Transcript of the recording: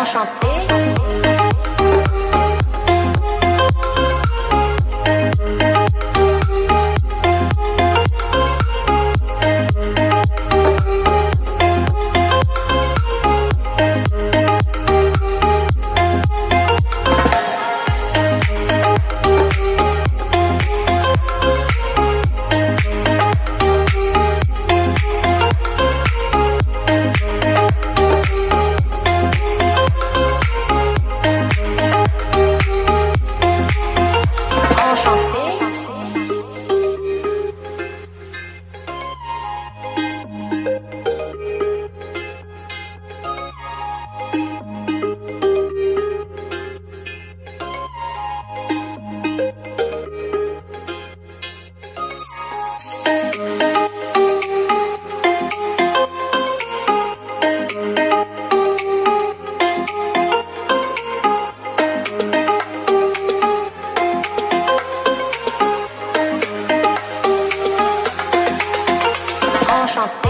enchanté. chanter.